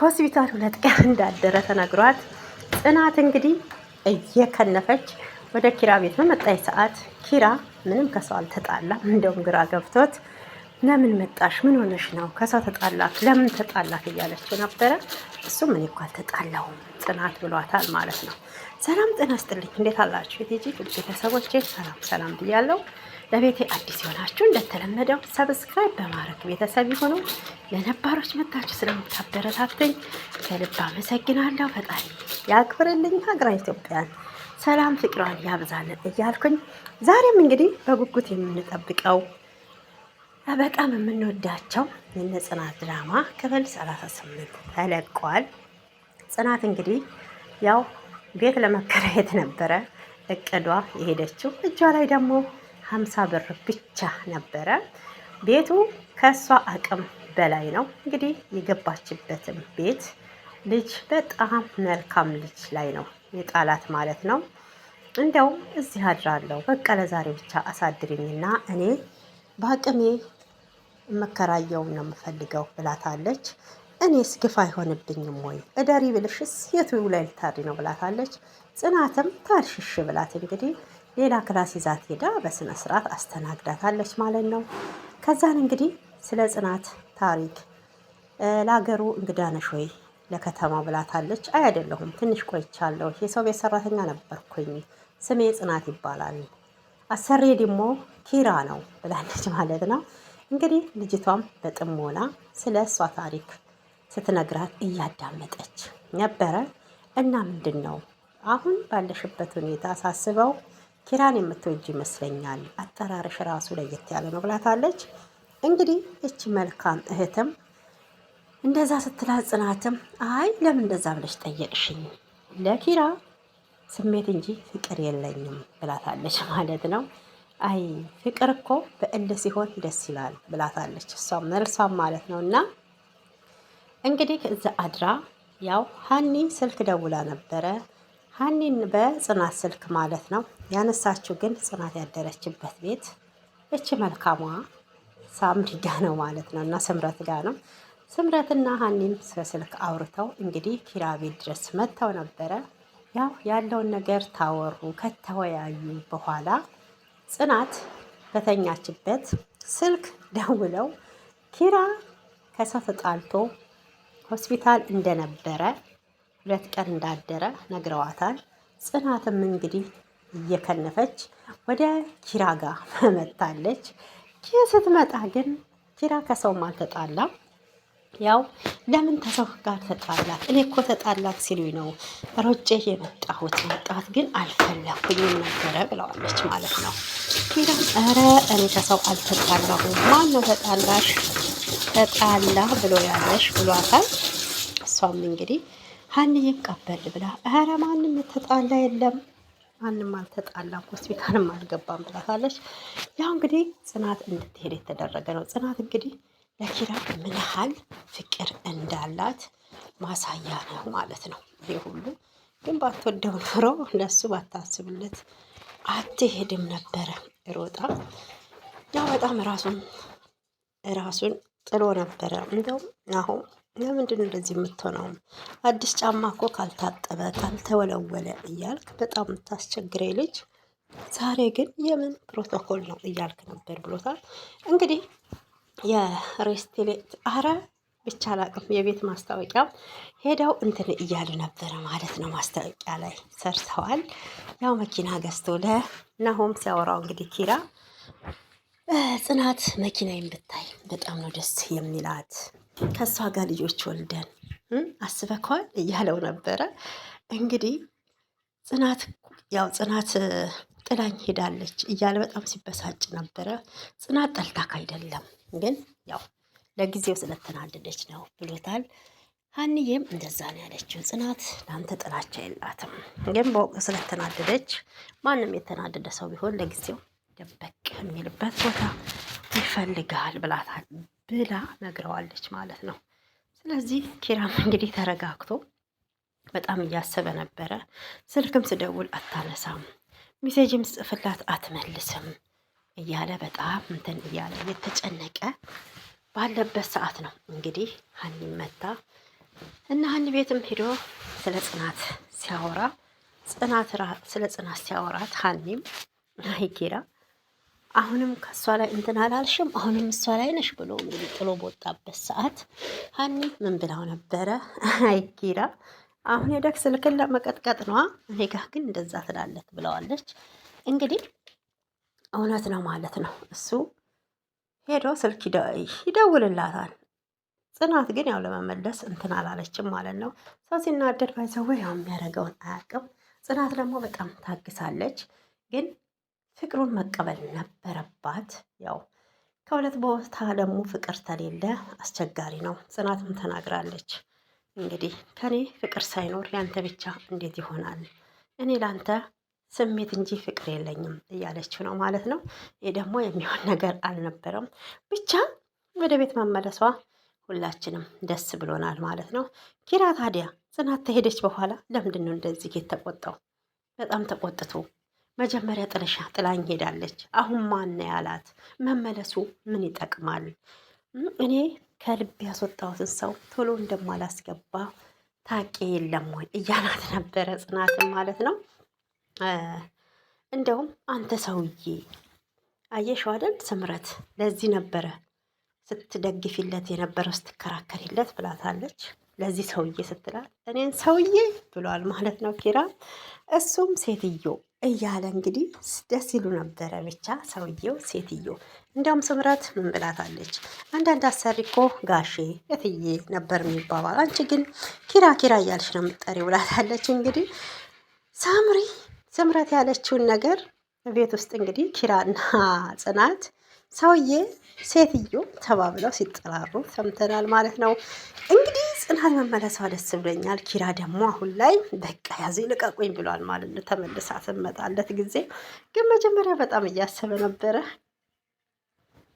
ከሆስፒታል ሁለት ቀን እንዳደረ ተነግሯት ጽናት እንግዲህ እየከነፈች ወደ ኪራ ቤት በመጣች ሰዓት ኪራ ምንም ከሰው አልተጣላ እንደውም ግራ ገብቶት ለምን መጣሽ? ምን ሆነሽ ነው? ከሰው ተጣላ ለምን ተጣላት? እያለችው ነበረ። እሱም እኔ እኮ አልተጣላሁም ጽናት ብሏታል ማለት ነው። ሰላም ጤና ይስጥልኝ። እንዴት አላችሁ የቲጂ ቤተሰቦቼ? ሰላም ሰላም ብያለሁ። ለቤቴ አዲስ የሆናችሁ እንደተለመደው ሰብስክራይብ በማድረግ ቤተሰብ የሆኑ ለነባሮች መታችሁ ስለምታበረታትኝ ከልብ አመሰግናለሁ። ፈጣሪ ያክብርልኝ፣ ሀገራ ኢትዮጵያን ሰላም ፍቅሯን ያብዛልን እያልኩኝ ዛሬም እንግዲህ በጉጉት የምንጠብቀው በጣም የምንወዳቸው የነ ጽናት ድራማ ክፍል 38 ተለቋል። ጽናት እንግዲህ ያው ቤት ለመከራየት ነበረ እቅዷ የሄደችው እጇ ላይ ደግሞ ሀምሳ ብር ብቻ ነበረ። ቤቱ ከእሷ አቅም በላይ ነው። እንግዲህ የገባችበትም ቤት ልጅ በጣም መልካም ልጅ ላይ ነው የጣላት ማለት ነው። እንደው እዚህ አድራለሁ በቃ ለዛሬ ብቻ አሳድሪኝና እኔ በአቅሜ መከራየውን ነው የምፈልገው ብላታለች። እኔስ ግፍ አይሆንብኝም ወይ እደሪ ብልሽስ የቱ ላይ ልታድሪ ነው ብላታለች። ጽናትም ታልሽሽ ብላት እንግዲህ ሌላ ክላስ ይዛት ሄዳ በስነ ስርዓት አስተናግዳታለች ማለት ነው። ከዛን እንግዲህ ስለ ጽናት ታሪክ ለሀገሩ እንግዳ ነሽ ወይ ለከተማ ብላታለች። አይ አይደለሁም፣ ትንሽ ቆይቻለሁ። የሰው ቤት ሰራተኛ ነበርኩኝ። ስሜ ጽናት ይባላል። አሰሬ ደግሞ ኪራ ነው ብላለች ማለት ነው። እንግዲህ ልጅቷም በጥሞና ስለ እሷ ታሪክ ስትነግራት እያዳመጠች ነበረ። እና ምንድን ነው አሁን ባለሽበት ሁኔታ ሳስበው ኪራን የምትወጅ ይመስለኛል፣ አጠራርሽ ራሱ ለየት ያለ ነው ብላታለች። እንግዲህ እች መልካም እህትም እንደዛ ስትላት ጽናትም አይ ለምን እንደዛ ብለሽ ጠየቅሽኝ? ለኪራ ስሜት እንጂ ፍቅር የለኝም ብላታለች ማለት ነው። አይ ፍቅር እኮ በእልህ ሲሆን ደስ ይላል ብላታለች። እሷም መልሷም ማለት ነው። እና እንግዲህ እዛ አድራ ያው ሀኒ ስልክ ደውላ ነበረ ሀኒን በጽናት ስልክ ማለት ነው ያነሳችው። ግን ጽናት ያደረችበት ቤት እች መልካሟ ሳምሪ ጋ ነው ማለት ነው እና ስምረት ጋ ነው። ስምረትና ሀኒም ስለስልክ አውርተው እንግዲህ ኪራ ቤት ድረስ መጥተው ነበረ። ያው ያለውን ነገር ታወሩ። ከተወያዩ በኋላ ጽናት በተኛችበት ስልክ ደውለው ኪራ ከሰው ተጣልቶ ሆስፒታል እንደነበረ ሁለት ቀን እንዳደረ ነግረዋታል። ጽናትም እንግዲህ እየከነፈች ወደ ኪራ ጋር መመታለች። ኪራ ስትመጣ ግን ኪራ ከሰውም አልተጣላም። ያው ለምን ተሰው ጋር ተጣላክ? እኔ እኮ ተጣላት ሲሉኝ ነው ሮጬ የመጣሁት መጣት ግን አልፈለኩኝም ነበረ ብለዋለች ማለት ነው። ኪራ ኧረ እኔ ከሰው አልተጣላሁም ማን ነው ተጣላሽ ተጣላ ብሎ ያለሽ ብሏታል። እሷም እንግዲህ ሀንዬም ቀበል ብላ ኧረ ማንም የተጣላ የለም ማንም አልተጣላም፣ ሆስፒታልም አልገባም ብላታለች። ያው እንግዲህ ጽናት እንድትሄድ የተደረገ ነው። ጽናት እንግዲህ ለኪራ ምን ያህል ፍቅር እንዳላት ማሳያ ነው ማለት ነው። ይህ ሁሉ ግን ባትወደው ኖሮ ለሱ ባታስብለት አትሄድም ነበረ። ሮጣ ያው በጣም ራሱን ራሱን ጥሎ ነበረ። እንደውም አሁን ለምንድነው እንደዚህ የምትሆነው? አዲስ ጫማ እኮ ካልታጠበ ካልተወለወለ እያልክ በጣም የምታስቸግረኝ ልጅ ዛሬ ግን የምን ፕሮቶኮል ነው እያልክ ነበር ብሎታል። እንግዲህ የሬስቴሌት አረ ብቻ አላቅም የቤት ማስታወቂያ ሄደው እንትን እያሉ ነበረ ማለት ነው። ማስታወቂያ ላይ ሰርተዋል። ያው መኪና ገዝቶ ለናሆም ሲያወራው እንግዲህ ኪራ ጽናት መኪናዬን ብታይ በጣም ነው ደስ የሚላት ከእሷ ጋር ልጆች ወልደን አስበከዋል እያለው ነበረ። እንግዲህ ጽናት ያው ጽናት ጥላኝ ሄዳለች እያለ በጣም ሲበሳጭ ነበረ። ጽናት ጠልታክ አይደለም ግን ያው ለጊዜው ስለተናደደች ነው ብሎታል። ሀኒዬም እንደዛ ነው ያለችው። ጽናት ለአንተ ጥላቻ የላትም፣ ግን በወቅቱ ስለተናደደች ማንም የተናደደ ሰው ቢሆን ለጊዜው ደበቅ የሚልበት ቦታ ይፈልጋል ብላታል። ብላ ነግረዋለች ማለት ነው። ስለዚህ ኪራም እንግዲህ ተረጋግቶ በጣም እያሰበ ነበረ። ስልክም ስደውል አታነሳም፣ ሜሴጅም ስጽፍላት አትመልስም እያለ በጣም እንትን እያለ እየተጨነቀ ባለበት ሰዓት ነው እንግዲህ ሀኒ መታ እና ሀኒ ቤትም ሄዶ ስለ ጽናት ሲያወራ ጽናት ስለ ጽናት ሲያወራት ሀኒም አይ ኪራ አሁንም ከእሷ ላይ እንትን አላልሽም፣ አሁንም እሷ ላይ ነሽ ብሎ እንግዲህ ጥሎ በወጣበት ሰዓት ሀኒ ምን ብላው ነበረ? አይ ኪራ አሁን የደግ ስልክን ለመቀጥቀጥ ነዋ፣ እኔ ግን እንደዛ ትላለት ብለዋለች። እንግዲህ እውነት ነው ማለት ነው። እሱ ሄዶ ስልክ ይደውልላታል። ጽናት ግን ያው ለመመለስ እንትን አላለችም ማለት ነው። ሰው ሲናደድ ባይሰው ያው የሚያደርገውን አያውቅም። ጽናት ደግሞ በጣም ታግሳለች ግን ፍቅሩን መቀበል ነበረባት። ያው ከሁለት ቦታ ደግሞ ፍቅር ተሌለ አስቸጋሪ ነው። ጽናትም ተናግራለች እንግዲህ ከኔ ፍቅር ሳይኖር ያንተ ብቻ እንዴት ይሆናል? እኔ ላንተ ስሜት እንጂ ፍቅር የለኝም እያለችው ነው ማለት ነው። ይህ ደግሞ የሚሆን ነገር አልነበረም። ብቻ ወደ ቤት መመለሷ ሁላችንም ደስ ብሎናል ማለት ነው። ኪራ ታዲያ ጽናት ከሄደች በኋላ ለምንድን ነው እንደዚህ ተቆጣው በጣም ተቆጥቶ መጀመሪያ ጥለሻ ጥላኝ ሄዳለች። አሁን ማን ያላት መመለሱ ምን ይጠቅማል? እኔ ከልብ ያስወጣሁትን ሰው ቶሎ እንደማላስገባ ታቂ የለም ወይ እያላት ነበረ ጽናትን ማለት ነው። እንደውም አንተ ሰውዬ አየሽው አይደል ስምረት ለዚህ ነበረ ስትደግፊለት የነበረው ስትከራከሪለት ብላታለች። ለዚህ ሰውዬ ስትላል እኔን ሰውዬ ብሏል ማለት ነው ኪራ እሱም ሴትዮ እያለ እንግዲህ ደስ ይሉ ነበረ። ብቻ ሰውየው ሴትዮ እንዲያውም ስምረት ምን ብላታለች? አንዳንድ አሰሪ እኮ ጋሼ እትዬ ነበር የሚባባል፣ አንቺ ግን ኪራ ኪራ እያለች ነው የምትጠሪው ብላታለች። እንግዲህ ሳምሪ ስምረት ያለችውን ነገር ቤት ውስጥ እንግዲህ ኪራና ጽናት ሰውዬ ሴትዮ ተባብለው ሲጠራሩ ሰምተናል ማለት ነው እንግዲህ ጽናት መመለሷ ደስ ብሎኛል። ኪራ ደግሞ አሁን ላይ በቃ ያዙ ይልቀቁኝ ብሏል ማለት ነው። ተመልሳ ትመጣለት ጊዜ ግን መጀመሪያ በጣም እያሰበ ነበረ።